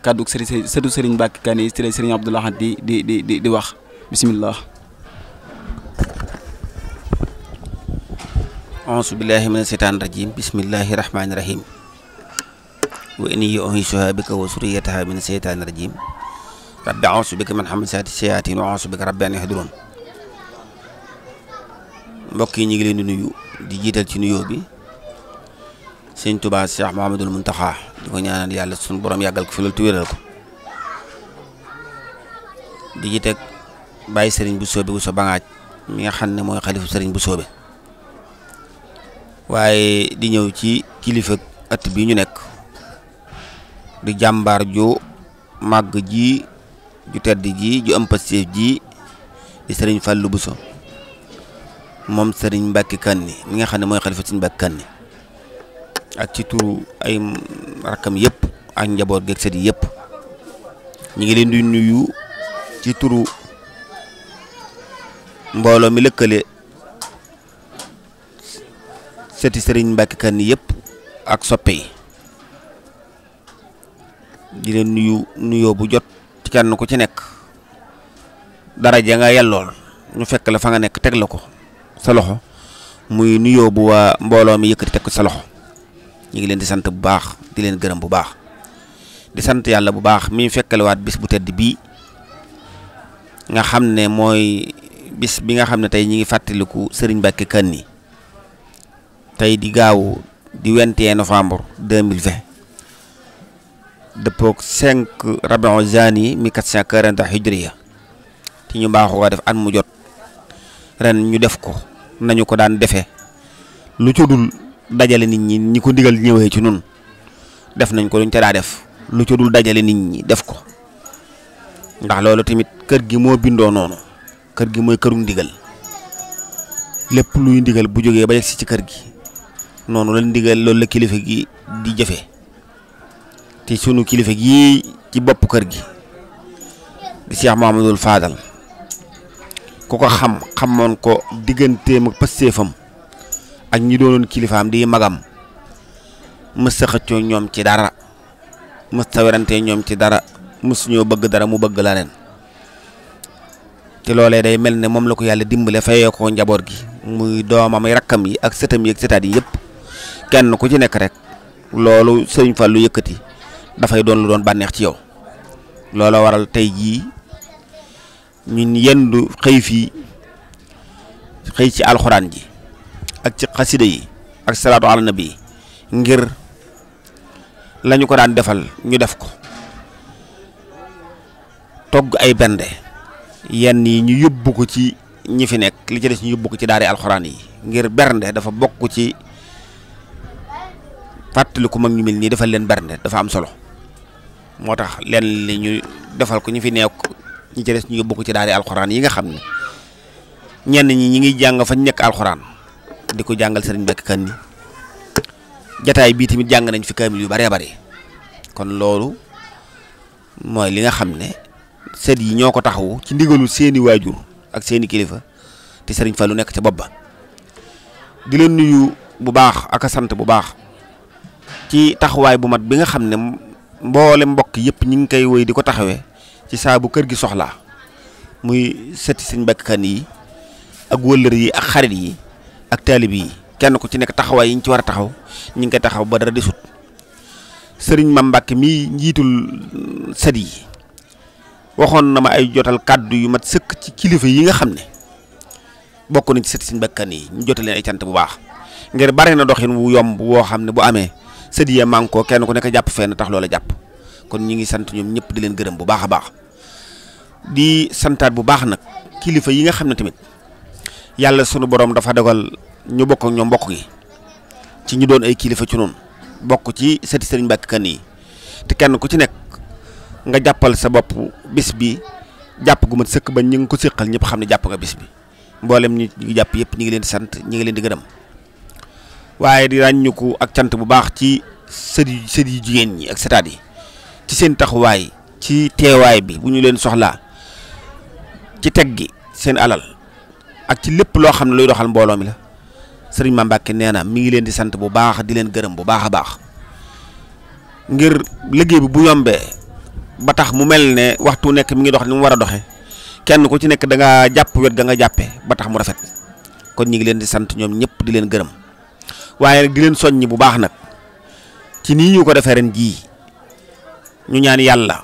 D: kàddug sëti sëtu sëriñ Mbacke kani yi ci la sëriñ Abdou Lahad di di di di di wax bisimilah. auzu billaahi mina seytaani rajiim bismillaahi rahmaani
F: rahiim. wa inni su bika wa suriyatahaa mina seytaani rajiim. rabbi auzu bika min hamazaati sayaatiin wa auzu bika rabbi an yahduruun mbokk yi ñu ngi leen di nuyu di jiital ci nuyoo bi sëñ Touba Cheikh Mouhamadul Mountakha di ko ñaanal yàlla suñu borom yàggal ko fi loolu tuwéral ko di ji teg bàyyi sëriñ bu soobe bu sa mi nga xam ne mooy xalifu sëriñ bu soobe waaye di ñëw ci kilifa at bi ñu nekk di jàmbaar ju màgg ji ju tedd ji ju am pastéef ji di sëriñ Fallou Bousso moom Serigne Mbacke Kanni mi nga xam ne mooy xalifa Serigne Mbacke Kanni ak ci turu ay rakkam yëpp ak njaboot geeg sët yi yëpp ñu ngi leen di nuyu ci turu mbooloo mi lëkkale sëti Serigne Mbacke Kanni yëpp ak soppe yi di leen nuyu nuyoo bu jot ci kenn ku ci nekk dara ja nga yellool ñu fekk la fa nga nekk teg la ko. sa loxo muy nuyoo bu waa mbooloo mi yëkkati teg ko sa loxo ñu ngi leen di sant bu baax di leen gërëm bu baax di sant yàlla bu baax mi fekkalewaat bis bu tedd bii nga xam ne mooy bis bi nga xam ne tey ñi ngi fàttaliku Serigne Mbacké Kanni tey di gaaw di 21 novembre 2020 dëppook 5 rabiu zani 1440 hijriya te ñu baaxoo def at mu jot ren ñu def ko nañu ko daan defe lu ca dajale nit ñi ñi ko digal ñëwee ci nun def nañ ko luñ ca daa def lu ca dajale nit ñi def ko ndax loolu tamit kër gi moo bindoo noonu kër gi mooy këru ndigal lépp luy digal bu jógee ba yegsi ci kër gi noonu la ndigal loolu la kilifa gi di jëfee te sunu kilifa gi ci bopp kër gi di Cheikh Mahamadul Fadal ku ko xam xamoon ko digganteem ak pastéefam ak ñi doonoon kilifaam di magam mësta xëccoo ñoom ci dara mësta werante ñoom ci dara mësuñoo bëgg dara mu bëgg la leen te loole day mel ni moom la ko yàlla dimbale fayee ko njaboot gi muy doomam yi rakkam yi ak sëtam yi ak sëtaat yi yëpp kenn ku ci nekk rek loolu sëriñ Fallu yëkkati dafay doon lu doon bànneex ci yow looloo waral tey jii ñun du xëy fii xëy ci alxuraan ji ak ci xasida yi ak salaatu ala nabi ngir lañu ko daan defal ñu def ko togg ay bernde yenn yi ñu yóbbu ko ci ñi fi nekk li ci des ñu yóbbu ko ci daara alxuraan yi ngir bernde dafa bokk ci fàttaliku mag ñu mel nii defal leen bernde dafa am solo moo tax lenn li ñu defal ko ñu fi nekk ñi ci des ñu yóbbu ko ci daari alxuraan yi nga xam ne ñenn ñi ñi ngi jàng fañ nekk alxuraan di ko jàngal sëriñ Mbacke Kane ni jataay bii tamit jàng nañ fi kaamil yu baree bari kon loolu mooy li nga xam ne sët yi ñoo ko taxawu ci ndigalu seeni waajur ak seeni kilifa te fa lu nekk ci bopp ba di leen nuyu bu baax ak sant bu baax ci taxawaay bu mat bi nga xam ne mboole mbokk yëpp ñi ngi koy woy di ko taxawee ci saa bu kër gi soxlaa muy sëti sëñ Mbàkke yi ak wëllër yi ak xarit yi ak taalib yi kenn ku ci nekk taxawaay yi ñu ci war a taxaw ñu ngi koy taxaw ba dara di sëriñ Mam Mbàkke mii njiitul sët yi waxoon na ma ay jotal kàddu yu mat sëkk ci kilifa yi nga xam ne bokk nañ ci sëti sëñ Mbàkke yi ñu jotal leen ay cant bu baax ngir bare na doxin wu yomb woo xam ne bu amee sët yi manko kenn ku nekk jàpp feen fenn tax loola jàpp kon ñu ngi sant ñoom ñëpp di leen gërëm bu baax a baax di santaat bu baax nag kilifa yi nga xam ne tamit yàlla sunu borom dafa dogal ñu bokk ak ñoom mbokk gi ci ñu doon ay kilifa ci noonu bokk ci sëti sëriñ Mbàkke yi te kenn ku ci nekk nga jàppal sa bopp bis bi jàpp gu sëkk ba ñu ngi ko séqal ñëpp xam ne jàpp nga bis bi mboolem ñi ñu yëpp ñu ngi leen di sant ñu ngi leen di gërëm waaye di ràññu ak cant bu baax ci sët yu jigéen ñi ak sëtaat yi ci seen taxawaay ci teewaay bi bu ñu leen soxlaa. ci teg gi seen alal ak ci lépp loo xam ne luy doxal mbooloo mi la sëriñ Mame Mbacké nee na mi ngi leen di sant bu baax di leen gërëm bu baax a baax ngir liggéey bi bu yombee ba tax mu mel ne waxtu nekk mi ngi dox ni mu war a doxe kenn ku ci nekk danga jàpp wet ga nga jàppee ba tax mu rafet kon ñu ngi leen di sant ñoom ñëpp di leen gërëm waaye nag di leen soññi bu baax nag ci nii ñu ko defee ren jii ñu ñaan yàlla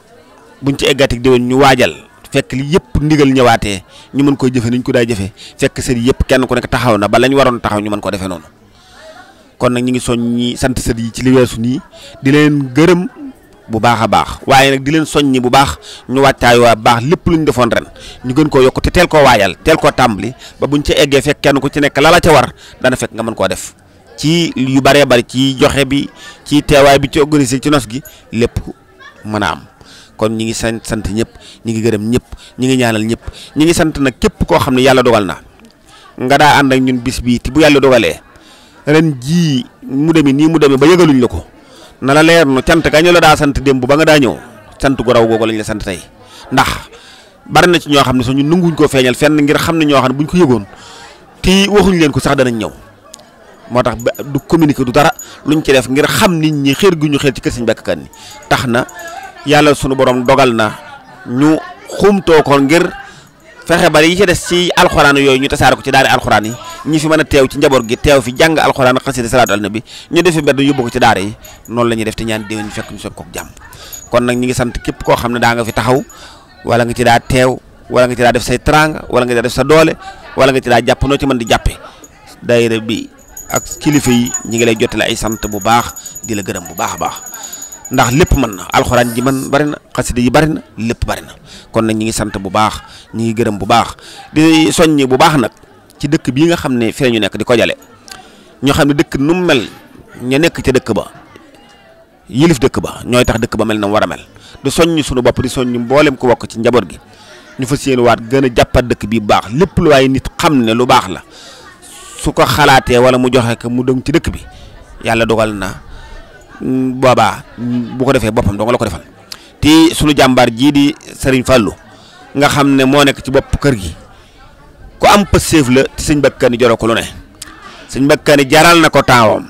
F: buñ ci eggatik déwén ñu waajal fekk lii yëpp ndigal ñëwaatee ñu mën koo jëfe ni ñu ko daay jëfe fekk sët yëpp kenn ku nekk taxaw na ba lañ waroon taxaw ñu man ko defee noonu kon nag ñu ngi soññi sant sët yi ci li su nii di leen gërëm bu baax a baax waaye nag di leen soññi bu baax ñu wàccaay waa baax lépp lu ñu defoon ren ñu gën koo yokk te teel koo waajal teel koo tàmbali ba buñ ci eggee fekk kenn ku ci nekk la la ca war dana fekk nga mën koo def ci yu baree bari ci joxe bi ci teewaay bi ci organiser ci nos gi lépp mën a am kon ñi ngi sant sant ñëpp ñi ngi gërëm ñëpp ñi ngi ñaanal ñëpp ñi ngi sant nag képp koo xam ne yàlla dogal na nga daa ànd ak ñun bis bii ti bu yàlla dogalee ren jii mu demee nii mu demee ba yëgaluñ la ko na la leer nu cant ka ñu la daa sant démb ba nga daa ñëw sant gu raw googu lañ la sant tey ndax bari na ci ñoo xam ne suñu nanguñ koo feeñal fenn ngir xam ne ñoo xam ne buñ ko yëgoon te waxuñ leen ko sax danañ ñëw moo tax du communiquer du dara luñ ci def ngir xam nit ñi xéer gu ñu xéer ci kër Sëñ na yàlla sunu borom dogal na ñu xumtoo ko ngir fexe ba yi ci des ci alxuraan yooyu ñu tasaare ko ci daara alxuraan yi ñi fi mën a teew ci njaboot gi teew fi jàng alxuraan xasida salaatu ala nabi ñu defi mbedd yóbbu ko ci daara yi noonu la ñuy def te ñaan déwén ñu fekk ñu soog kook jàmm kon nag ñu ngi sant képp koo xam ne daa nga fi taxaw wala nga ci daa teew wala nga ci daa def say trang wala nga ci daa def sa doole wala nga ci daa jàpp noo ci mën di jàppe daayira bi ak kilifa yi ngi lay jottale ay sant bu baax di la gërëm bu baax a baax ndax lépp mën na alxuraan ji man bari na xasida yi bari na lépp bari na kon nag ñi ngi sant bu baax ñi ngi gërëm bu baax di soññ bu baax nag ci dëkk bii nga xam ne fii ñu nekk di ko jale ñoo xam ne dëkk nu mu mel nekk ca dëkk ba yilif dëkk ba ñooy tax dëkk ba mel na war a mel soññ suñu bopp di soññ mboolem ku bokk ci njaboot gi ñu fa seen gën a dëkk bi bu baax lépp lu waaye nit xam ne lu baax la su ko xalaatee wala mu joxe ko mu dëng ci dëkk bi yàlla dogal na boobaa bu ko defee boppam dong la ko defal ti suñu jàmbaar jii di Serigne Fallou nga xam ne moo nekk ci bopp kër gi ku am pëseef la te sëñ Bakkaani joroo ko lu ne sëñ Bakkaani jaral na ko taawam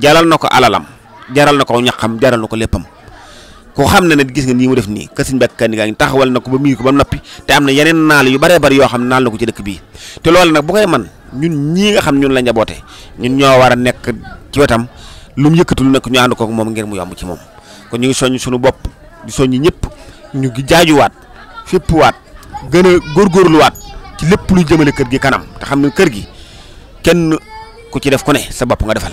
F: jaral na ko alalam jaral na ko ñaxam jaral na ko léppam ku xam ne ne gis nga nii mu def nii que sëñ Bakkaani gaa ngi taxawal na ko ba miir ko ba noppi te am na yeneen naal yu baree bari yoo xam ne naal na ko ci dëkk bii te loolu nag bu koy man ñun ñii nga xam ñun la njaboote ñun ñoo war a nekk ci lu mu yëkkatu lu nekk ñu ànd kook moom ngir mu yomb ci moom kon ñu ngi soññ sunu bopp ñu di soññ ñëpp ñu ngi jaajuwaat fippuwaat gën a góorluwaat ci lépp luy jëmale kër gi kanam te xam ne kër gi kenn ku ci def ku ne sa bopp nga defal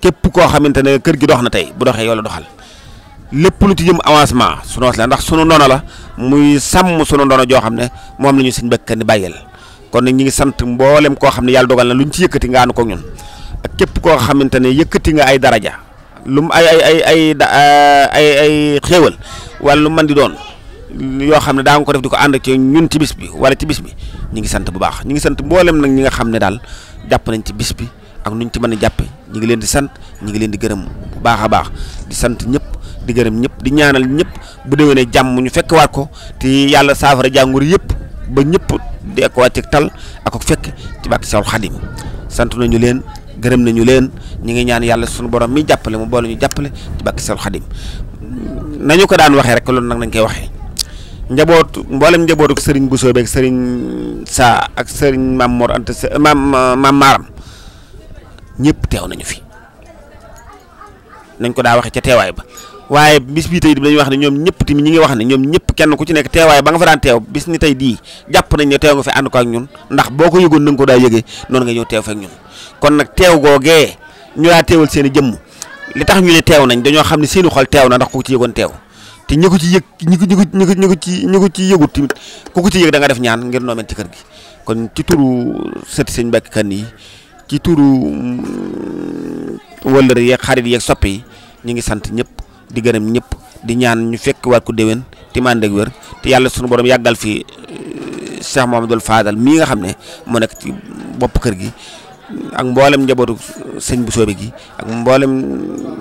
F: képp koo xamante ne kër gi dox na tey bu doxee yow la doxal lépp lu ci jëm avancement sunu was la ndax sunu ndono la muy sàmm sunu ndono joo xam ne moom la ñu sëñ bëkk ni bàyyeel kon nag ñu ngi sant mboolem koo xam ne yàlla dogal na lu ñu ci yëkkati nga ànd ñun ak képp koo xamante ne yëkkati nga ay daraja lu mu ay ay ay ay ay ay xéewal wala lu man di doon yoo xam ne daa nga ko def di ko ànd ci ñun ci bis bi wala ci bis bi ñu ngi sant bu baax ñu ngi sant mboolem nag ñi nga xam ne daal jàpp nañ ci bis bi ak ñu ci mën a jàppe ñu ngi leen di sant ñu ngi leen di gërëm bu baax a baax di sant ñëpp di gërëm ñëpp di ñaanal ñëpp bu déwénee jàmm ñu fekk waat ko te yàlla saafara jàngoro yëpp ba ñëpp di ko wàcc tal ak ko fekk ci bàkk gërëm nañu leen ñu ngi ñaan yàlla suñu borom mi jàppale mu boole ñu jàppale ci bàkki sal xadim nañu ko daan waxee rek loolu nag nañ koy waxee njaboot mboolem njabootu sëriñ Bousso beeg sëriñ Sa ak sëriñ maam Mor Anta Sa Maram ñëpp teew nañu fi nañ ko daa waxee ca teewaay ba waaye bis bii tey dañuy wax ne ñoom ñëpp tamit ñi ngi wax ne ñoom ñëpp kenn ku ci nekk teewaay ba nga fa daan teew bis ni tey dii jàpp nañ ne teew nga fi ànd ko ak ñun ndax boo ko yëgoon na nga ko daa yëgee noonu nga ñëw teew fa ak ñun kon nag teew googee ñu laa teewal seen i li tax ñu ne teew nañ dañoo xam ne seeni xol teew na ndax ku ci yëgoon teew te ñi ko ci yëg ñi ko ñi ko ñi ko ci ñi ko ci yëgut tamit ku ko ci yëg danga def ñaan ngir noo mel ci kër gi kon ci turu sëti sëñ Mbàkke Kan yi ci turu mm, wëllër yeeg xarit yeeg sopp yi ñu ngi sant ñëpp di gërëm ñëpp di ñaan ñu fekk waat ko déwén ti mànd ak wér te yàlla sunu borom yàggal fi eh, Cheikh Mouhamadoul Fadal mii nga xam ne mu nekk ci bopp kër gi ak mboolem njabootu sëñ bu soobe gi ak mboolem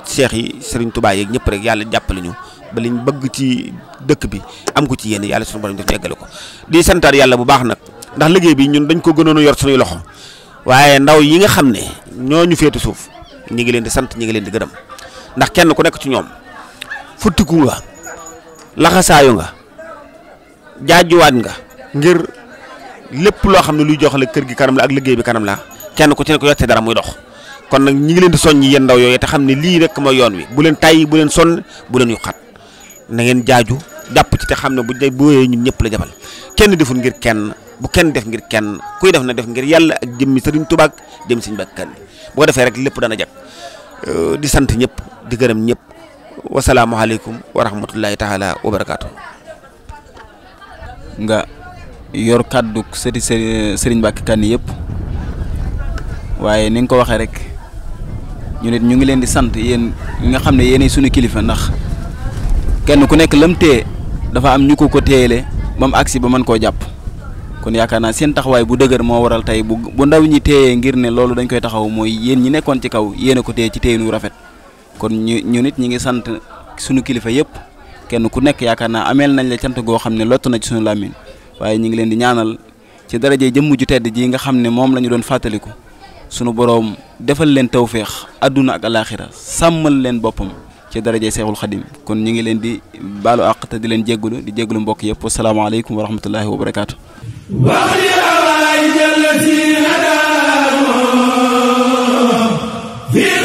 F: cheikh yi sëriñ Touba yeeg ñëpp rek yàlla jàppale ñu ba ñu bëgg ci dëkk bi am ko ci yéen yàlla sunu borom def yeggale ko di santaat yàlla bu baax nag ndax liggéey bi ñun dañ ko gënoon yor suñuy loxo waaye ndaw yi nga xam ne ñoo ñu feetu suuf ñi ngi leen di sant ñi ngi leen di gërëm ndax kenn ku nekk ci ñoom futtiku nga laxasaayu nga jaajuwaat nga ngir lépp loo xam ne luy joxale kër gi kanam la ak liggéey bi kanam la kenn ku ci ne ko yotte dara muy dox kon nag ñi ngi leen di soññ yéen ndaw yooyu te xam ne lii rek mooy yoon wi bu leen tayyi bu leen sonn bu leen yu xat na ngeen jaaju jàpp ci te xam ne bu dee booyee ñun ñëpp la jabal kenn deful ngir kenn bu kenn def ngir kenn kuy def na def ngir yàlla ak jëmmi sëriñ Tuubaa tubaak jëm siñ ba bakkan boo defee rek lépp dana jag di sant ñëpp
D: di gërëm ñëpp wasalaamualeykum wa rahmatullahi taala wa barakaatu. nga yor kàddu sëti sëriñ Mbacke Kane yépp waaye ni nga ko waxee rek ñu nit ñu ngi leen di sant yéen nga xam ne yéenay suñu kilifa ndax kenn ku nekk lam téye dafa am ñu ko ko téyele ba mu agsi ba mën koo jàpp kon yaakaar naa seen taxawaay bu dëgër moo waral tey bu bu ndaw ñi téyee ngir ne loolu dañ koy taxaw mooy yéen ñi nekkoon ci kaw yéen a ko téye ci téyenu rafet kon ñu ñu nit ñi ngi sant sunu kilifa yëpp kenn ku nekk yaakaar naa ameel nañ la cant goo xam ne lott na ci suñu làmmiñ waaye ñu ngi leen di ñaanal ci daraje jëmm ju tedd ji nga xam ne moom lañu ñu doon fàttaliku sunu boroom defal leen tawféex àdduna ak alaaxira sàmmal leen boppam ci daraje Seexul Xadim kon ñu ngi leen di baalu àq te di leen jéggulu di jéggulu mbokk yëpp wasalaamaaleykum wa rahmatullahi wa barakaatu. Fii